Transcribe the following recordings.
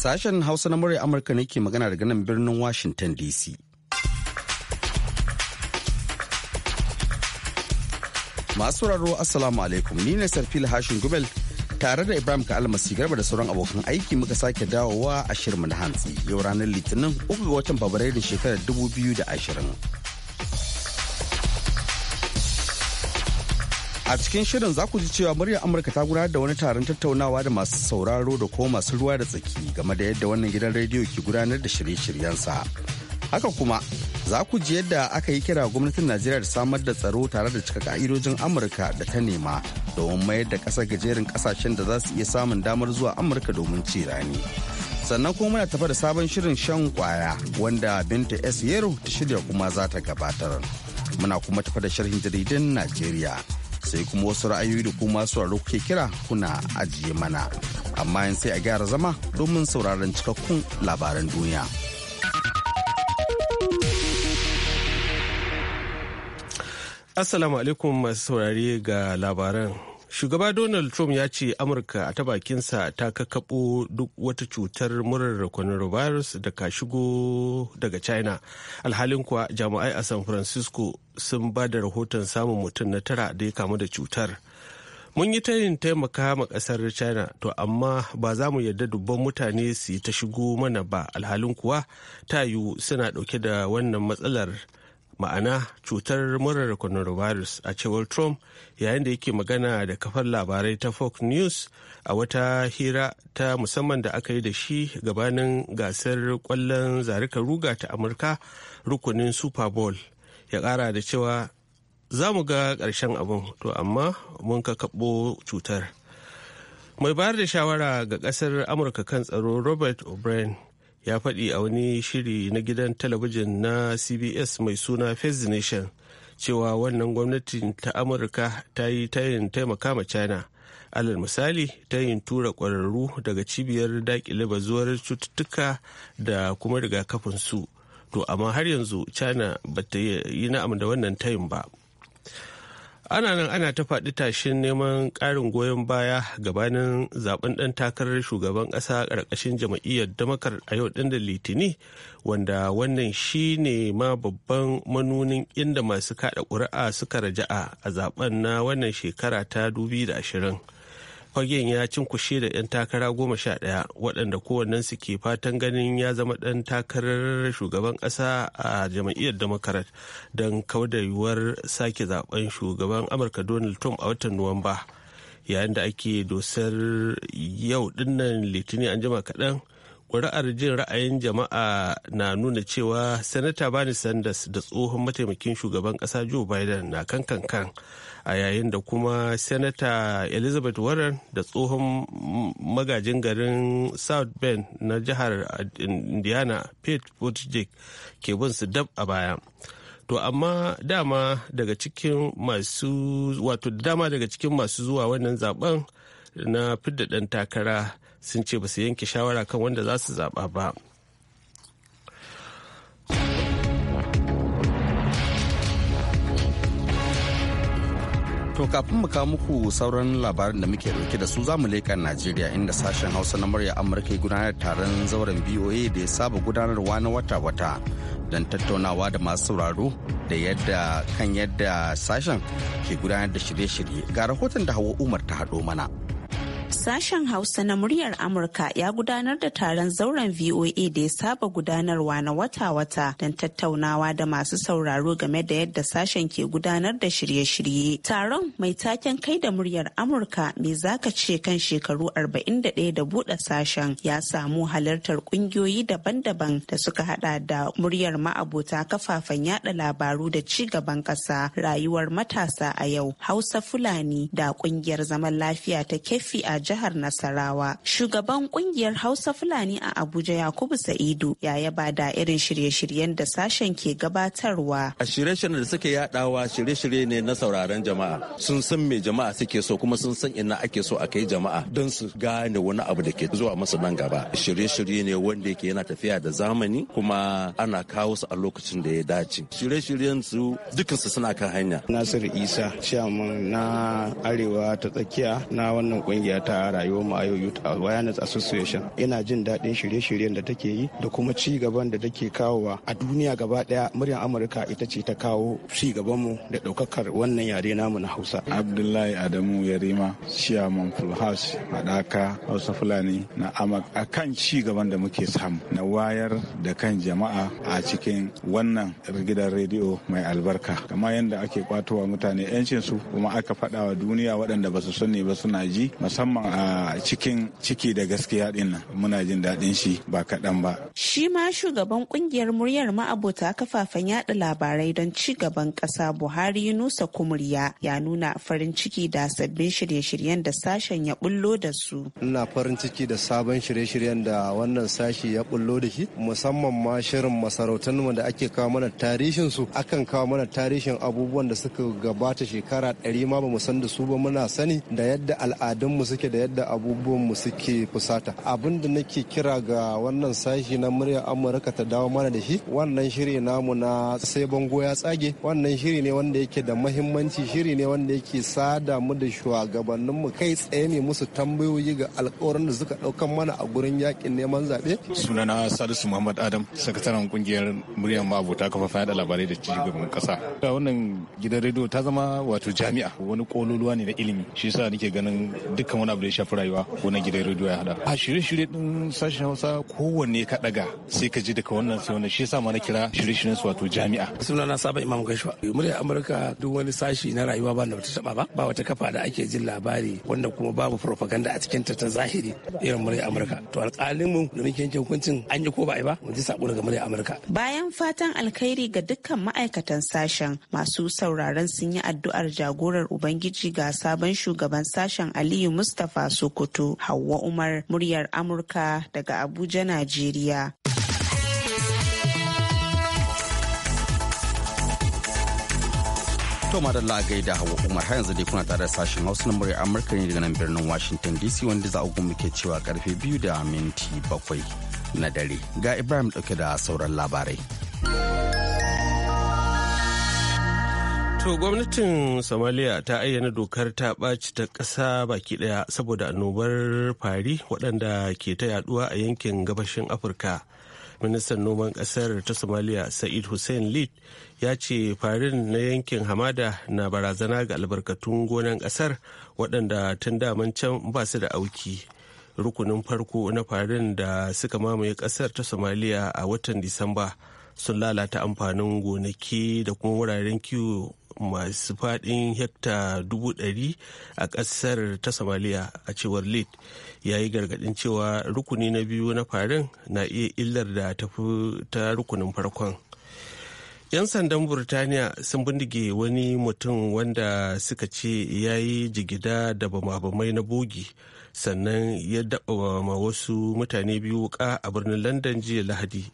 Sashen Hausa na murya Amurka ne ke magana daga nan birnin Washington DC. Masu raro Assalamu alaikum ni ne Sarfil Hashin gubel tare da Ibrahim ka almasi garba da sauran abokan aiki muka sake dawowa a shirin na hantsi yau ranar Litinin uku ga watan biyu shekarar 2020. A cikin shirin za ku ji cewa muryar Amurka ta gudanar da wani taron tattaunawa da masu sauraro da kuma masu ruwa da tsaki game da yadda wannan gidan rediyo ke gudanar da shirye-shiryensa. Haka kuma za ku ji yadda aka yi kira gwamnatin Najeriya da samar da tsaro tare da cika ka'idojin Amurka da ta nema domin mayar da ƙasar gajerin kasashen da za su iya samun damar zuwa Amurka domin ci rani. Sannan kuma muna tafa da sabon shirin shan kwaya wanda Binta S. Yero ta shirya kuma za ta gabatar. Muna kuma tafa da sharhin jaridan Najeriya. sai kuma wasu ra'ayoyi da kuma su sauraro kuke kira kuna ajiye mana amma In sai a gyara zama domin sauraron cikakkun labaran duniya assalamu alaikum masu saurari ga labaran shugaba donald trump ya ce amurka a ta bakinsa ta kakaɓo duk wata cutar murar coronavirus da ka shigo daga china alhalin kuwa jami'ai a san francisco sun ba da rahoton samun mutum na tara da ya kamu da cutar mun yi tayin taimaka ma kasar china to amma ba za mu yarda dubban mutane su yi ta shigo mana ba alhalin kuwa ta yiwu suna dauke da wannan matsalar ma'ana cutar murar coronavirus a cewar trump yayin da yake magana da kafar labarai ta fox news a wata hira ta musamman da aka yi da shi gabanin gasar kwallon zarika ruga ta amurka rukunin super bowl ya kara da cewa za mu ga karshen abin to amma mun ka kaɓo cutar mai bayar da shawara ga kasar amurka kan tsaro robert o'brien ya faɗi a wani shiri na gidan talabijin na cbs mai suna face nation cewa wannan gwamnati ta amurka ta yi tayin taimaka ma china alal misali ta yin tura ƙwararru daga cibiyar daƙile bazuwar cututtuka da kuma rigakafin su to amma har yanzu china ba ta yi na'am da wannan tayin ba ana nan ana ta faɗi tashin neman ƙarin goyon baya gabanin zaben ɗan takarar shugaban ƙasa ƙarƙashin jam'iyyar damakar a yau ɗin da litini wanda wannan shi ne ma babban manunin inda masu kaɗa ƙuri'a suka raja'a a zaben na wannan shekara ta 2020 fagen ya cinkushe da 'yan takara goma sha ɗaya waɗanda kowannensu ke fatan ganin ya zama ɗan takarar shugaban ƙasa a jam'iyyar democrat don kawar da yiwuwar sake zaben shugaban amurka donald trump a watan nuwamba yayin da ake dosar yau dinnan litinin an jima kaɗan ƙuri'ar jin ra'ayin jama'a na nuna cewa sanata bani sanders da tsohon mataimakin shugaban ƙasa joe biden na kan kan kan a yayin da kuma sanata elizabeth warren da tsohon magajin garin south bend na jihar indiana pete buttigieg ke bin su dab a baya to amma dama daga cikin masu wato dama daga cikin masu zuwa wannan zaben na fidda ɗan takara sun ce ba su yanke shawara kan wanda za su zaɓa ba. To kafin mu kawo muku sauran labarin da muke dauke da su zamu leƙa Najeriya inda sashen Hausa na murya Amurka ya gudanar taron zauren BOA da ya saba gudanarwa na wata-wata don tattaunawa da masu sauraro da yadda kan yadda sashen ke gudanar da shirye-shirye. Ga rahoton da Hawa Umar ta haɗo mana. Sashen Hausa na muryar Amurka ya gudanar da taron zauren VOA da ya saba gudanarwa na wata-wata don tattaunawa da masu sauraro game da yadda sashen ke gudanar da shirye-shirye. Taron mai taken kai da muryar Amurka mai zaka ce kan shekaru 41 da buɗe sashen ya samu halartar ƙungiyoyi daban-daban da suka hada da muryar ma'abota kafafen yada labaru da ci gaban ƙasa rayuwar matasa a yau Hausa Fulani da ƙungiyar zaman lafiya ta kefi a jihar Nasarawa. Shugaban kungiyar Hausa Fulani a Abuja Yakubu Sa'idu ya yaba da irin shirye-shiryen da sashen ke gabatarwa. A shirye-shiryen da suke yadawa shirye-shirye ne na sauraron jama'a. Sun san me jama'a suke so kuma sun san ina ake so a kai jama'a don su gane wani abu da ke zuwa masu nan gaba. Shirye-shirye ne wanda yake yana tafiya da zamani kuma ana kawo su a lokacin da ya dace. Shirye-shiryen su dukansu suna kan hanya. Nasiru Isa, ciyaman na Arewa ta tsakiya na wannan kungiya ta ta rayuwar mu a yau youth awareness association ina jin daɗin shirye-shiryen da take yi da kuma ci gaban da take kawowa a duniya gaba ɗaya muryar amurka ita ce ta kawo ci gaban mu da ɗaukakar wannan yare namu na hausa abdullahi adamu yarima chairman full house haɗaka hausa fulani na amak a kan ci gaban da muke samu na wayar da kan jama'a a cikin wannan gidan rediyo mai albarka kama yadda ake kwatowa mutane 'yancinsu kuma aka faɗawa duniya waɗanda ba su sani ba suna ji musamman musamman a cikin ciki da gaskiya din muna jin daɗin shi ba kaɗan ba. Shi ma shugaban ƙungiyar muryar ma'abota kafafen yaɗa labarai don ci gaban ƙasa Buhari Yunusa Kumriya ya nuna farin ciki da sabbin shirye-shiryen da sashen ya bullo da su. Ina farin ciki da sabon shirye-shiryen da wannan sashi ya bullo da shi musamman ma shirin mu da ake kawo mana tarihin su akan kawo mana tarihin abubuwan da suka gabata shekara ɗari ma bamu san da su ba muna sani da yadda al'adunmu suke da yadda abubuwan mu suke fusata abin da nake kira ga wannan sashi na murya amurka ta dawo mana da shi wannan shiri namu na sai bango ya tsage wannan shiri ne wanda yake da mahimmanci shiri ne wanda yake sada mu da shugabannin mu kai tsaye ne musu tambayoyi ga alkawarin da suka daukan mana a gurin yakin neman zaɓe sunana salisu muhammad adam sakataren kungiyar muryar ma'abota kafafen yada labarai da cigaban kasa wannan gidan rediyo ta zama wato jami'a wani kololuwa ne na ilimi shi yasa nake ganin dukkan wani abu da ya shafi rayuwa na gidan rediyo ya hada a shirye-shirye din sashen hausa kowanne ka daga sai ka ji daga wannan sai wannan shi yasa ma na kira shirye-shiryen su wato jami'a sunana saba imam gaishwa muryar amurka duk wani sashi na rayuwa ba da bata taba ba ba wata kafa da ake jin labari wanda kuma babu propaganda a cikin ta ta zahiri irin muryar amurka to alƙalinmu da muke yanke hukuncin an yi ko ba a yi ba mu ji sako daga muryar amurka bayan fatan alkhairi ga dukkan ma'aikatan sashen masu sauraron sun yi addu'ar jagorar ubangiji ga sabon shugaban sashen aliyu mustapha Mustapha Sokoto, Hauwa Umar, muryar Amurka daga Abuja, Najeriya. To madalla a gaida hawa Umar har yanzu dai kuna tare da sashen Hausa na murya Amurka ne daga nan birnin Washington DC wanda za a muke cewa karfe biyu da minti bakwai na dare. Ga Ibrahim dauke da sauran labarai. To gwamnatin Somalia ta ayyana dokar ta ɓaci ta ƙasa baki ɗaya saboda annobar fari waɗanda ke ta yaduwa a yankin gabashin Afirka. Ministan noman ƙasar ta Somalia Sa'id Hussein Lid ya ce farin na yankin hamada na barazana ga albarkatun gonan ƙasar waɗanda tun daman can ba su da auki. Rukunin farko na farin da suka mamaye ƙasar ta Somalia a watan Disamba. sun lalata amfanin gonaki da kuma wuraren kiwo masu faɗin hekta dubu ɗari a ƙasar ta somaliya a cewar lead ya yi gargaɗin cewa rukuni na biyu na farin na iya illar da tafi ta rukunin farkon 'yan sandan burtaniya sun bindige wani mutum wanda suka ce ya yi jigida da bama-bamai na bogi sannan ya daɓa ma wasu mutane biyu wuka a birnin london jiya lahadi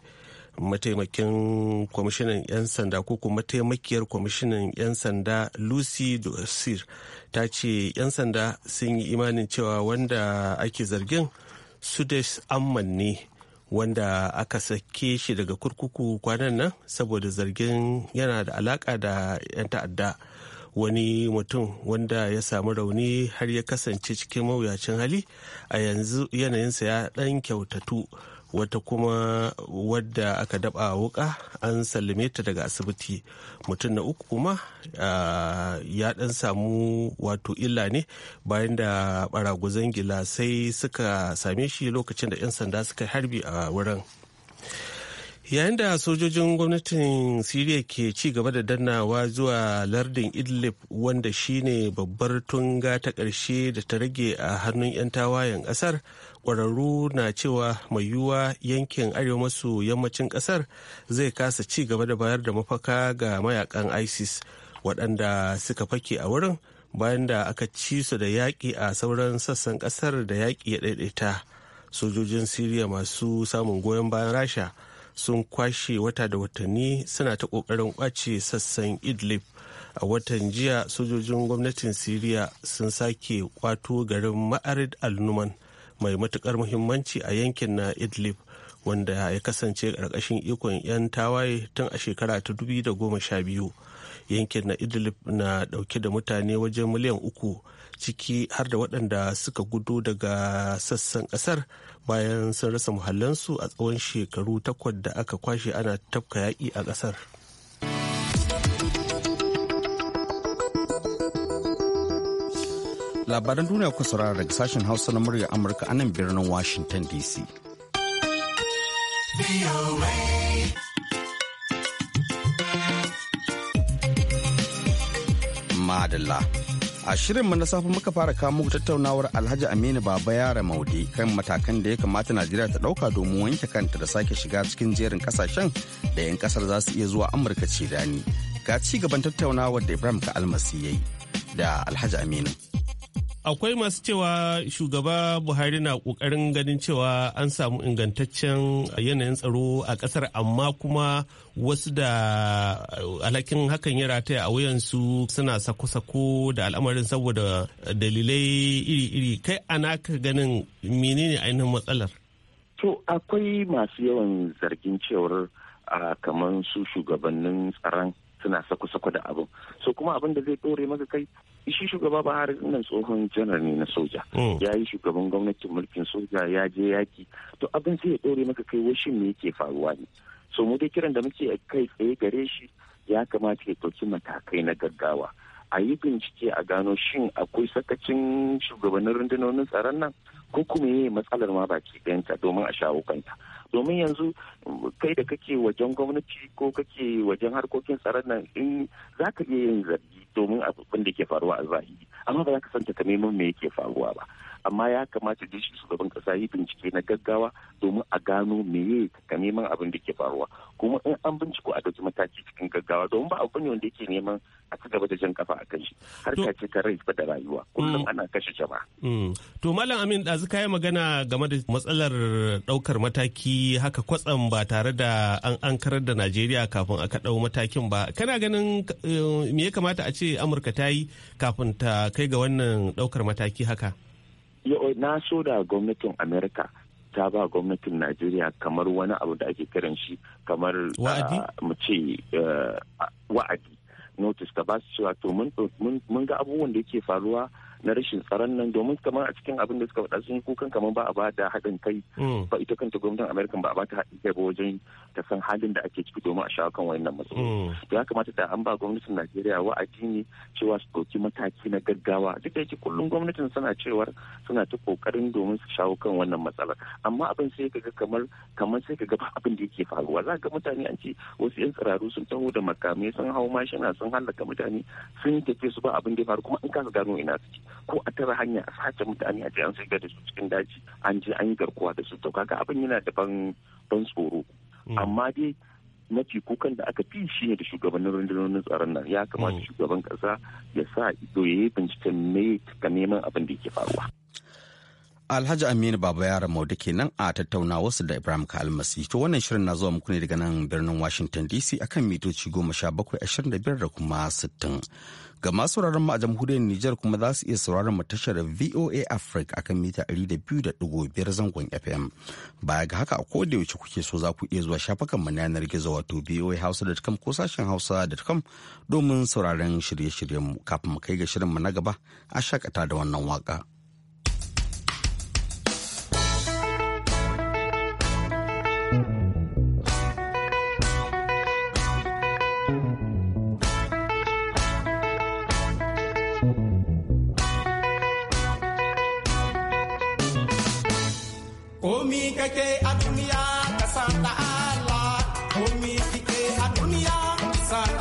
mataimakin kwamishinan 'yan sanda ko kuma mataimakiyar kwamishinan 'yan sanda lucy dorsir ta ce 'yan sanda sun yi imanin cewa wanda ake zargin sudes amman ne wanda aka sake shi daga kurkuku kwanan nan saboda zargin yana da alaka da 'yan ta'adda wani mutum wanda ya samu rauni har ya kasance cikin mawuyacin hali a yanzu yanayinsa ya ɗan kyautatu wata kuma wadda aka daba wuka an sallame ta daga asibiti mutum na uku kuma ya dan samu wato illa ne bayan da ɓaraguzan gilasai suka same shi lokacin da 'yan sanda suka harbi a wurin yayin da sojojin gwamnatin siriya ke ci gaba da dannawa zuwa lardin idlib wanda shine babbar tunga ta ƙarshe da ta rage a hannun 'yan tawayen ƙasar kwararru na cewa mai yiwuwa yankin arewa maso yammacin kasar zai kasa ci gaba da bayar da mafaka ga mayakan isis waɗanda suka fake a wurin bayan da aka ci su da yaƙi a sauran sassan ƙasar da yaƙi ya ɗaiɗaita sojojin siriya masu samun goyon bayan rasha sun kwashe wata da watanni suna ta ƙoƙarin kwace sassan idlib a watan jiya sojojin gwamnatin siriya sun sake kwato garin ma'arid al-numan mai matukar muhimmanci a yankin na idlib wanda ya kasance ƙarƙashin ikon 'yan tawaye tun a shekara ta 2012 yankin na idlib na ɗauke da mutane wajen miliyan uku ciki har da waɗanda suka gudu daga sassan ƙasar bayan sun rasa muhallansu a tsawon shekaru takwas da aka kwashe ana tafka yaƙi a ƙasar. Labaran duniya kuka saurara daga sashen Hausa na murya Amurka a nan birnin Washington DC. Madalla. A shirinmu na safe muka fara kamo tattaunawar Alhaji Aminu Baba Yara Maude kan matakan da ya kamata Najeriya ta ɗauka domin wanke kanta da sake shiga cikin jerin kasashen da 'yan kasar za su iya zuwa Amurka ce dani. Ga ci gaban tattaunawar da Ibrahim Ka Almasi ya yi da Alhaji Aminu. akwai masu cewa shugaba buhari na kokarin ganin cewa an samu ingantaccen yanayin tsaro a kasar amma kuma wasu da uh, alhakin hakan ya rataya a wuyansu suna sako-sako da al'amarin saboda dalilai iri-iri kai ana ka ganin menene ainihin matsalar to akwai masu yawan zargin cewar uh, kamar su shugabannin tsaron suna sako-sako da abin so kuma abin da zai dore maka kai shi shugaba ba har nan tsohon janar ne na soja hmm. ya yi shugaban gwamnatin mulkin soja ya je yaki to abin sai ya dore maka kai washin me yake faruwa ne so mu dai kiran da muke kai tsaye gare shi ya kamata ya ɗauki matakai na gaggawa a yi bincike a gano shin akwai sakacin shugabannin rundunonin tsaron nan ko kuma yi matsalar ma baki ɗayanta domin a shawo kanta domin yanzu kai da kake wajen gwamnati ko kake wajen harkokin tsaron nan in za ka iya yin zargi domin abin da ke faruwa a zahiri amma ba za ka san takamaiman me yake faruwa ba amma ya kamata da shi shugaban kasa yi bincike na gaggawa domin a gano meye ka neman abin da ke faruwa kuma in an binciko a dauki mataki cikin gaggawa domin ba abu ne wanda yake neman a ci gaba da jan kafa a kan shi har ka ce ta rai da rayuwa kullum mm. ana kashe jama'a. Mm. to malam amin ɗazu ka yi magana game da matsalar ɗaukar mataki haka kwatsam ba tare da an ankarar da najeriya kafin aka ɗau matakin ba kana ganin eh, me ya kamata a ce amurka ta yi kafin ta kai ga wannan ɗaukar mataki haka. na so da gwamnatin amerika ta ba gwamnatin najeriya kamar wani abu da ake kiran shi kamar uh, mu ce uh, wa'adi notice ta ba su cewa to mun ga abubuwan da yake faruwa na rashin tsaron nan domin kamar a cikin abin da suka faɗa sun kukan kamar ba a ba da haɗin kai hmm. ba ita kanta gwamnatin amerika ba a ba ta haɗin kai ba wajen ta san halin da ake ciki domin a shawo kan wayannan matsaloli hmm. ya kamata da an ba gwamnatin najeriya wa'adi ne cewa su ɗauki mataki na gaggawa duk da yake kullum gwamnatin suna cewar suna ta kokarin domin su shawo kan wannan matsala amma abin sai ka ga kamar kamar sai ka ga ba abin da yake faruwa za ga mutane an ce wasu yan tsiraru sun taho da makamai sun hau mashina sun halaka mutane sun tafi su ba abin da ya faru kuma an kasa gano ina suke ko a tara hanya a sace mutane a je an da su cikin daji an je an yi garkuwa da su to kaga abin yana da ban tsoro mm. amma dai mafi kukan da aka fi shi ne da shugabannin rundunonin tsaron nan ya kamata mm. shugaban kasa ya sa ido ya yi binciken ne ka neman abin da yake faruwa. Alhaji Aminu Baba Yara Maudu kenan a tattauna wasu da Ibrahim ka almasi, To wannan shirin na zuwa muku ne daga nan birnin Washington DC akan mitoci goma sha bakwai ashirin da biyar da kuma sittin. Ga masu sauraron mu a jamhuriyar Nijar kuma za su iya sauraron mu tashar VOA Africa akan mita ɗari da biyu da ɗigo biyar zangon FM. Baya ga haka a koda yaushe kuke so za ku iya zuwa shafukan mu na yanar gizo wato Hausa voahausa.com ko sashen Hausa hausa.com domin sauraron shirye-shiryen mu kafin mu kai ga shirin mu na gaba a shakata da wannan waka. komi kake a duniya ka sa Allah komi kike a duniya ka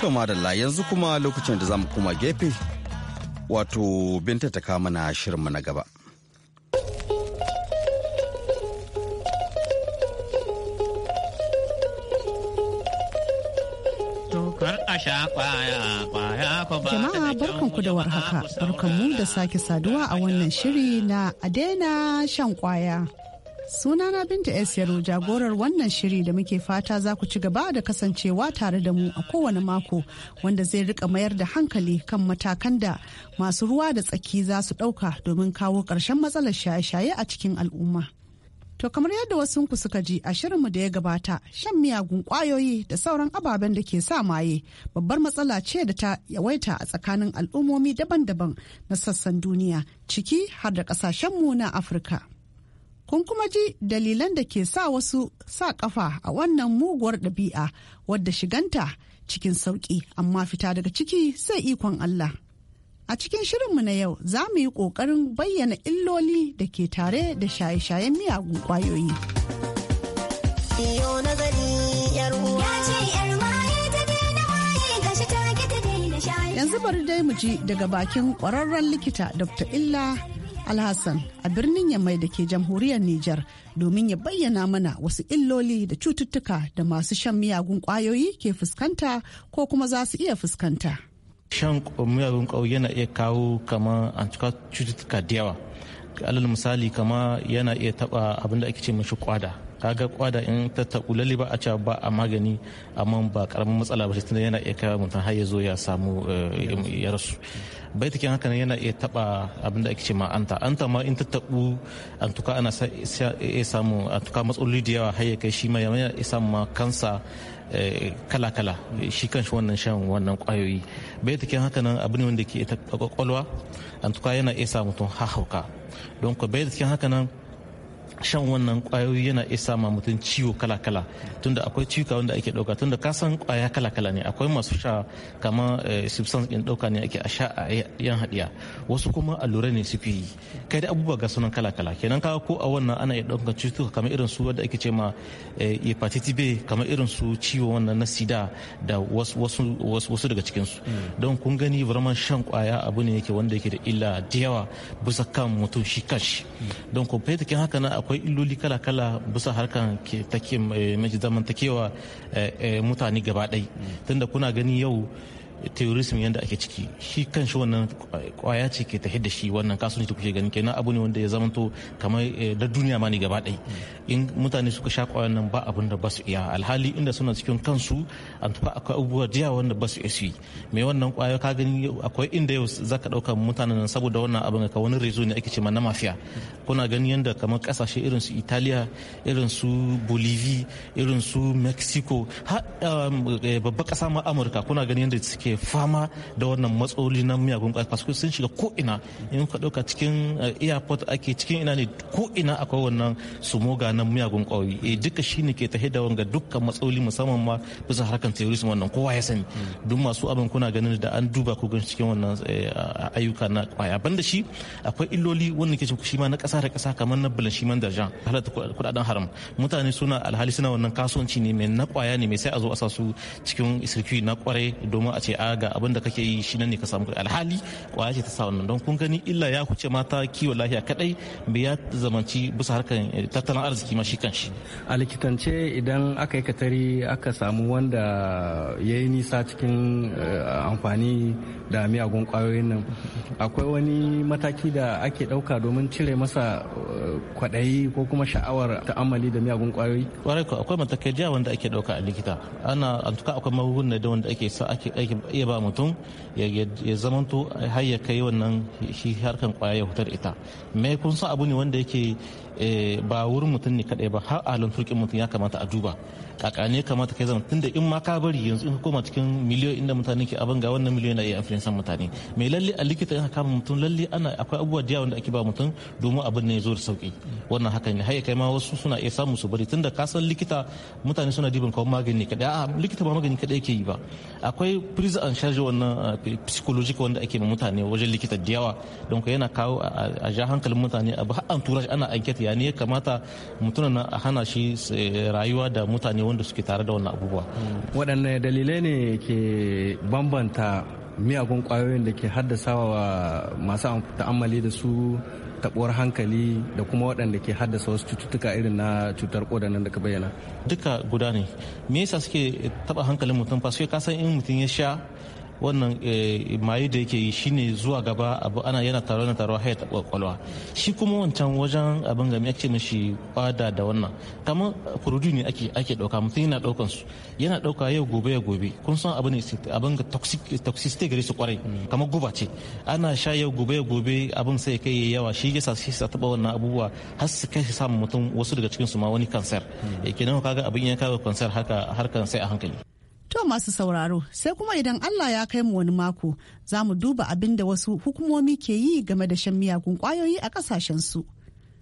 To madalla yanzu kuma lokacin da za mu koma gefe wato binta ta kama na shirinmu na gaba. Jama'a barkanku da warhaka, barkanmu da sake saduwa a wannan shiri na Adena shan kwaya. Sunana Binta S. Yaro jagorar wannan shiri da muke fata za ku ci gaba da kasancewa tare da mu a kowane mako wanda zai rika mayar da hankali kan matakan da masu ruwa da tsaki za su ɗauka domin kawo ƙarshen matsalar shaye-shaye a cikin al'umma. To kamar yadda wasunku suka ji a shirinmu da ya gabata shan miyagun ƙwayoyi da sauran ababen da ke sa maye babbar matsala ce da ta yawaita a tsakanin al'ummomi daban-daban na sassan duniya ciki har da kasashenmu na Afirka. Kun kuma ji dalilan da ke sa wasu sa kafa a wannan muguwar ɗabi'a wadda shiganta cikin sauƙi amma fita daga ciki sai ikon Allah. A cikin shirinmu na yau za mu yi ƙoƙarin bayyana illoli da ke tare da shaye-shayen miyagun ƙwayoyi. Yanzu bari dai mu ji daga bakin ƙwararren likita Dr. Illa Alhassan a birnin Yammai da ke jamhuriyar Nijar domin ya bayyana mana wasu illoli da cututtuka da masu shan miyagun kwayoyi ke fuskanta ko kuma za su iya fuskanta. Shan miyagun kwayoyi yana iya kawo kamar cututtuka da yawa. alal misali kama yana iya taba abin da ake ce mashi kwada kaga kwada in ta tabu lalle ba a cewa ba a magani amma ba karamin matsala ba tunda yana iya kawo mutum har ya zo ya samu eh, ya rasu bai take haka yana iya taba abinda ake ce ma anta anta ma in ta tabu tuka ana iya samu tuka matsaloli da yawa har ya kai shi ma yana iya samu ma kansa eh, kala-kala shi kanshi wannan shan wannan kwayoyi bai take haka nan abu ne wanda ke ta kwakwalwa an tuka yana iya samu tun hahauka don ku bai take haka nan shan wannan kwayoyi yana iya ma mutum ciwo kala-kala tunda akwai ciwuka wanda ake dauka tunda ka san kwaya kala-kala ne akwai masu sha kama eh, substance din dauka ne ake a sha a yan haɗiya wasu kuma allura ne suke yi kai da abubuwa ga sunan kala-kala kenan kaga ko a wannan ana iya daukan cututtuka kamar irin su wanda ake ce ma eh, hepatitis B kamar irin su ciwo wannan na sida da wasu daga cikin su mm. don kun gani vraiment shan kwaya abu ne yake wanda yake da illa da yawa bisa kan mutum shi kanshi mm. don ko fahimta haka na akwai illoli kala-kala bisa harkan eh, zamantakewa eh, eh, mutane gaba ɗai tunda kuna gani yau terrorism yadda ake ciki shi kan shi wannan kwaya ce ke tafi da shi wannan kasuwanci kuke gani kenan abu ne wanda ya zamanto kamar da eh, duniya ma ne gaba ɗai in mutane suka sha kwayan nan ba abin da ba su iya alhali inda suna cikin kansu an tafi akwai abubuwa jiya wanda ba su iya su yi mai wannan kwaya ka gani akwai inda yau za ka ɗauka mutanen nan saboda wannan abin ka wani rezo ne ake ce na mafiya kuna gani yadda kamar kasashe irin su italiya irin su bolivia irin su mexico eh, babba ƙasa ma amurka kuna gani yadda suke ke fama da wannan matsaloli na miyagun kwaya paske sun shiga koina in ka ɗauka cikin eh, airport ake cikin ina ne koina akwai wannan sumoga na miyagun kwaya e eh, duka ne ke ta da wanga dukkan matsaloli musamman ma bisa harkan terrorism wannan kowa ya sani hmm. duk masu abin kuna ganin da an duba ko gan cikin wannan eh, ayyuka na kwaya banda shi akwai illoli wanda ke shi ma na ƙasa da kasa kamar na balashiman darjan halatta kudaden haram mutane suna alhali suna wannan kasuwanci ne mai na kwaya ne mai sai a zo a sa su cikin sirki na kwarai domin a ce shari'a ga abin da kake yi shi ne ka samu kuɗi alhali kwaya ce ta sa wannan don kun gani illa ya kuce mata kiwon lafiya kadai bai ya zamanci bisa harkar eh, tattalin arziki ma shi kanshi a likitance idan aka yi katari aka samu wanda ya yi nisa cikin eh, amfani da miyagun kwayoyin nan akwai wani mataki da ake ɗauka domin cire masa eh, kwaɗayi ko kuma sha'awar ta'amali da miyagun kwayoyi kwarai ko akwai matakai da wanda ake ɗauka a likita ana antuka akwai magunguna da wanda ake sa ake iya ba mutum ya zamanto har ya kai wannan shi harkar kwaya ya hutar ita me kun san abu ne wanda yake Eh, ba wurin mutum ne kadai ba har alon turkin mutum ya kamata a duba kakane kamata kai zama tunda in ma ka bari yanzu in koma cikin miliyoyin inda mutane ke abin ga wannan miliyoyin na iya influencer mutane mai lalle a likita in kama mutum lalle ana akwai abubuwa da yawa da ake ba mutum domin abin ne ya zo da sauki wannan hakan ne haye kai ma wasu suna iya samu su bari tunda ka san likita mutane suna dibin kawai magani kadai a likita ba magani kadai yake yi ba akwai prise and charge wannan eh, psychological wanda ake ma mutane wajen likita da yawa don yana kawo a ja hankalin mutane abu har an tura ana anketa ya ne ya kamata mutum na hana shi eh, rayuwa da mutane wanda suke tare da wannan abubuwa waɗanne dalilai ne ke bambanta miyagun kwayoyin da ke haddasawa wa masu ta'ammali da su taɓuwar hankali da kuma waɗanda ke haddasa wasu cututtuka irin na cutar koda nan da ka bayyana duka guda ne me yasa suke taɓa hankalin mutum fa suke ka in mutum ya sha wannan eh, mayu da yake yi shine zuwa gaba abu ana yana taro na taro hayar kwakwalwa shi kuma wancan wajen abin gami ake mishi kwada da wannan kamar kurudu ne ake ake dauka mutum yana daukan su yana dauka yau gobe ya gobe kun san abin abin toxic toxicity gare su kwarai kamar guba ce ana sha yau gobe ya gobe abin sai kai ya yawa shi yasa shi sa taba wannan abubuwa har su kai samu mutum wasu daga cikin su ma wani kansar hmm. eh, kenan kaga abin ya kawo kansar haka harkan sai a hankali To masu sauraro sai kuma idan Allah ya kai mu wani mako za mu duba abin da wasu hukumomi ke yi game da shan miyagun kwayoyi a su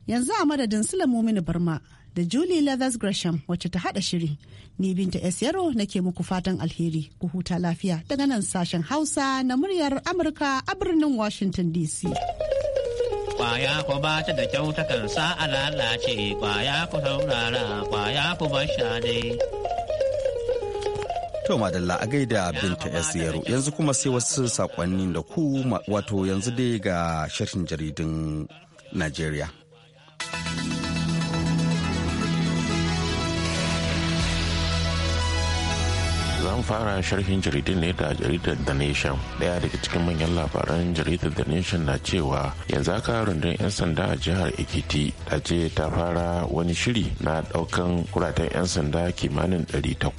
Yanzu a madadin Sulamomini Barma da Julie Leathers Gresham wacce ta haɗa shiri. Ni Binta S. Yaro nake muku fatan alheri ku huta lafiya daga nan sashen Hausa na muryar Amurka a birnin Washington DC. Kwaya ku ba ta da kyau takan sa a lalace, kwaya ku saurara, kwaya ku bar To madalla a gaida binta ya yaro yanzu kuma sai wasu sakonni da ku wato yanzu dai ga shirin jaridun Najeriya. an fara sharhin jaridin ne da jaridar The Nation. Daya daga cikin manyan labaran jaridar The Nation na cewa yanzu aka rundunar 'yan sanda a jihar Ekiti ta ce ta fara wani shiri na daukan kuratan 'yan sanda kimanin 800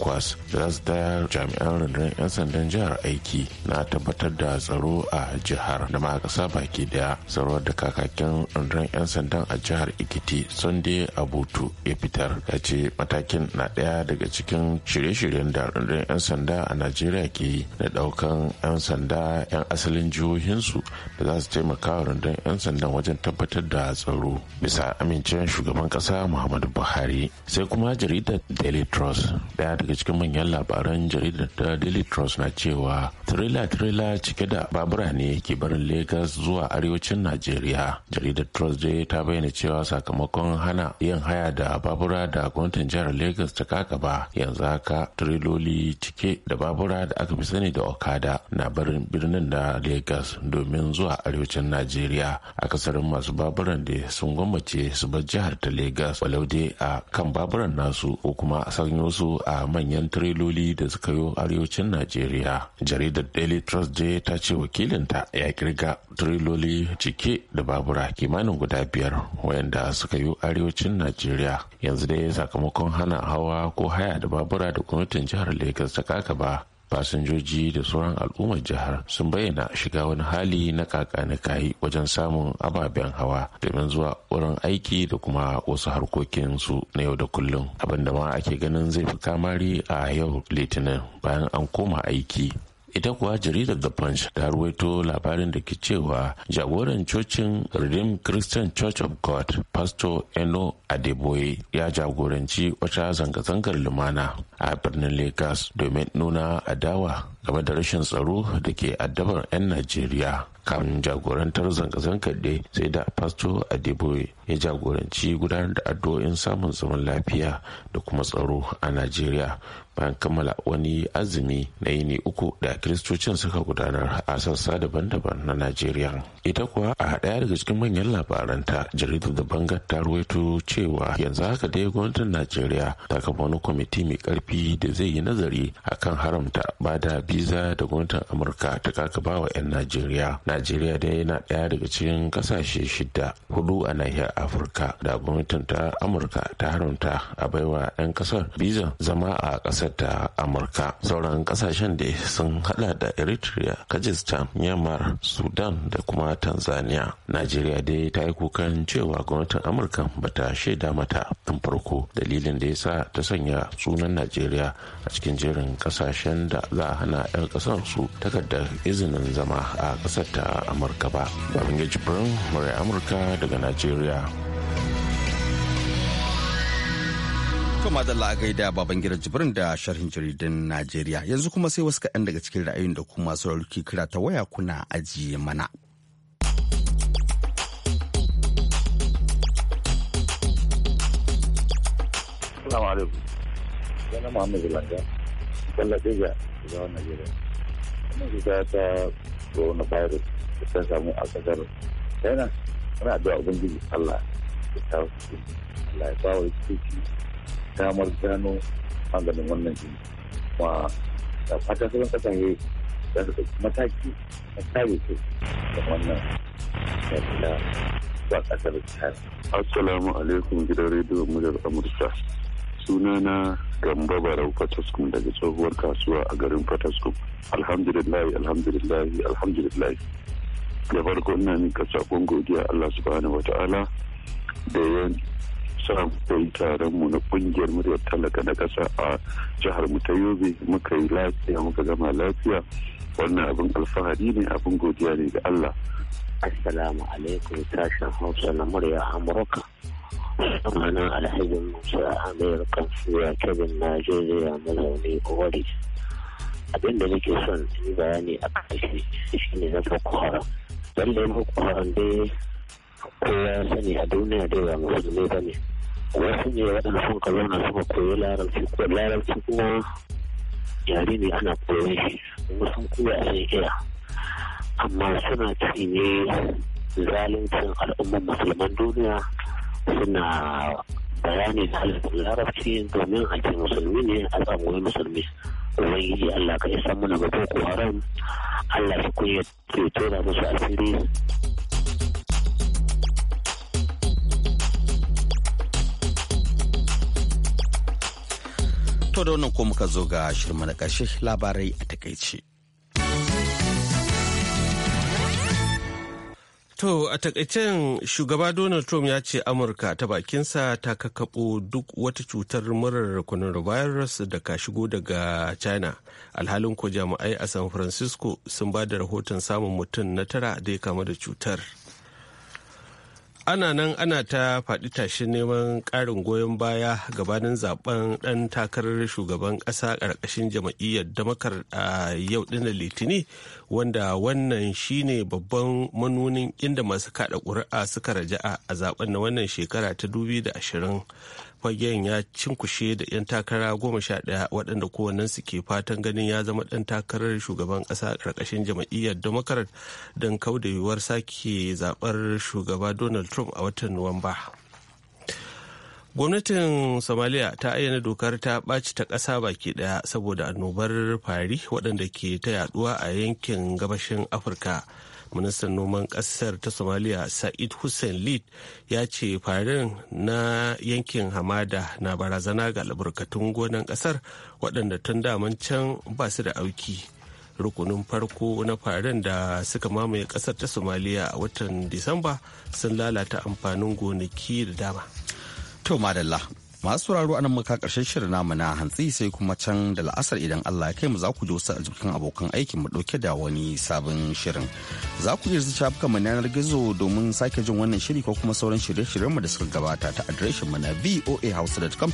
da za su jami'an rundunar 'yan sandan jihar aiki na tabbatar da tsaro a jihar da ma kasa baki daya tsaro da kakakin rundun 'yan sandan a jihar Ekiti Sunday Abutu ya fitar ta ce matakin na daya daga cikin shirye-shiryen da rundun 'yan sanda a najeriya ke yi da daukan 'yan sanda 'yan asalin jihohinsu da za su taimaka wa rundun 'yan sanda wajen tabbatar da tsaro bisa amincewar shugaban kasa muhammadu buhari sai kuma jaridar daily trust daya daga cikin manyan labaran jaridar da daily trust na cewa tirela tirela cike da babura ne ke barin lagos zuwa arewacin najeriya jaridar trust dai ta bayyana cewa sakamakon hana yin haya da babura da gwamnatin jihar lagos ta kakaba yanzu haka tireloli ciki keke da babura da aka fi sani da okada na barin birnin na lagos domin zuwa arewacin najeriya akasarin masu baburan da sun gwammace su bar jihar ta lagos walaude a kan baburan nasu ko kuma a sanyo su a manyan tireloli da suka yi arewacin najeriya jaridar daily trust day ta ce wakilinta ya kirga tireloli cike da babura kimanin guda biyar wayanda suka yi arewacin najeriya yanzu dai sakamakon hana hawa ko haya da babura da gwamnatin jihar lagos sakaka ba fasinjoji da sauran al'ummar jihar sun bayyana shiga wani hali na kakanikayi wajen samun ababen hawa domin zuwa wurin aiki da kuma wasu harkokinsu na yau da kullum abinda ma ake ganin zai fi kamari a yau litinin bayan an koma aiki ita kuwa jaridar the punch ta ruwaito labarin da ke cewa jagoran cocin redeemed christian church of god pastor eno adeboye ya jagoranci wata zanga-zangar lumana a birnin Legas domin nuna adawa game da rashin tsaro da ke addabar 'yan Najeriya. Kamun jagorantar zanga zanga da sai da Pasto Adeboye ya jagoranci gudanar da addu'o'in samun zaman lafiya da kuma tsaro a Najeriya bayan kammala wani azumi na yini uku da kiristocin suka gudanar a sassa daban-daban na Najeriya. Ita kuwa a ɗaya daga cikin manyan labaranta jaridar da bangar ta ruwaito cewa yanzu haka dai gwamnatin Najeriya ta kafa wani kwamiti mai ƙarfi zurfi da zai yi nazari a kan haramta ba da biza da gwamnatin amurka ta kakaba wa 'yan najeriya najeriya dai yana ɗaya daga cikin ƙasashe shida hudu a nahiyar afirka da gwamnatin ta amurka ta haramta a baiwa 'yan ƙasar biza zama a ƙasar ta amurka sauran ƙasashen da sun haɗa da eritrea kajistan myanmar sudan da kuma tanzania najeriya dai ta yi kukan cewa gwamnatin amurka bata shaida mata tun farko dalilin da ya sa ta sanya sunan najeriya najeriya a cikin jerin kasashen da za a hana 'yan kasar su takardar izinin zama a kasar ta amurka ba babin ya murai amurka daga najeriya To madalla a gaida baban gida jibrin da sharhin jaridan Najeriya yanzu kuma sai wasu kaɗan daga cikin ra'ayin da kuma masu ke kira ta waya kuna ajiye mana. Salamu alaikum. Sana Muhammadu Langa, Talladeja, shugaban Najeriya. Wannan cuta ta coronavirus da ta samu a kasar China, ana da Ubangiji Allah da ta su Allah ya ba wa damar gano maganin wannan jini. Kuma da fata sauran kasashe za su mataki na kare su da wannan yadda ba ƙasar China. Assalamu alaikum gidan rediyon muryar Amurka. sunana gamba barau fataskum daga tsohuwar kasuwa a garin fataskum alhamdulillahi alhamdulillahi alhamdulillahi da farko ina ka sakon godiya allah subhanahu wa ta'ala da ya sa kai taron mu na kungiyar muryar talaka na kasa a jihar mu ta yobe muka yi lafiya muka gama lafiya wannan abin alfahari ne abin godiya ne ga allah assalamu alaikum tashin hausa na murya amurka Amana Alhaji Musa Amir Kamsuwa Kebin Najeriya mazauni Owari. Abin da nake son yi bayani a ƙarshe shi ne na Boko Haram. Lallai Boko Haram dai kowa sani a duniya da ba musulmi ba ne. Wasu ne waɗanda sun ka na suka koyi larabci ko larabci kuma yare ne ana koyon shi kuma sun koya a iya. Amma suna ci ne zaluncin al'ummar musulman duniya suna bayani da larabci domin a musulmi ne a samu musulmi ubangiji allah ka isa muna ga boko haram allah shi kunya ceto tura musu asiri to da wannan ko muka zo ga shirma na ƙarshe labarai a takaice To a takaicen shugaba Donald Trump ya ce Amurka ta bakinsa ta kakaɓo duk wata cutar murar coronavirus da ka shigo daga China. Alhalin ko jami'ai a San Francisco sun ba da rahoton samun mutum na tara da ya kama da cutar. ana nan ana ta faɗi tashin neman ƙarin goyon baya gabanin zaben ɗan takarar shugaban ƙasa ƙarƙashin jam'iyyar damakar a yau ɗin litini wanda wannan shine babban manunin inda masu kaɗa ƙuri'a suka raja'a a zaben na wannan shekara ta dubi da ashirin. fagen ya cinkushe da 'yan takara goma sha ɗaya waɗanda kowannensu ke fatan ganin ya zama ɗan takarar shugaban ƙasa ƙarƙashin jam'iyyar democrat don kauda yiwuwar sake zaɓar shugaba donald trump a watan nuwamba gwamnatin somalia ta ayyana dokar ta ɓaci ta ƙasa baki ɗaya saboda annobar fari waɗanda ke ta yaɗuwa a yankin gabashin afirka ministan noman kasar ta somaliya sa'id hussein lead ya ce farin na yankin hamada na barazana ga albarkatun gonan kasar waɗanda tun daman can ba su da auki rukunin farko na farin da suka mamaye kasar ta somaliya a watan disamba sun lalata amfanin gonaki da dama To masu sauraro anan muka karshen shirin namu na hantsi sai kuma can da la'asar idan Allah ya kai mu za ku ji wasu a abokan aikin mu dauke da wani sabon shirin za ku iya shafuka mu na yanar gizo domin sake jin wannan shiri ko kuma sauran shirye-shiryen mu da suka gabata ta adireshin mu na voahouse.com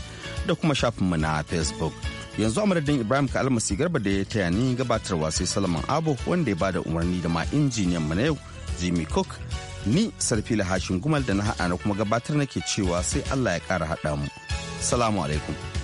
da kuma shafin mu na facebook yanzu a madadin ibrahim ka almasi garba da ya taya ni gabatarwa sai salaman abu wanda ya bada umarni da ma injiniyan mu na yau jimmy cook ni sarfila hashin gumal da na haɗa na kuma gabatar nake cewa sai allah ya ƙara haɗa mu Salamu alaikum.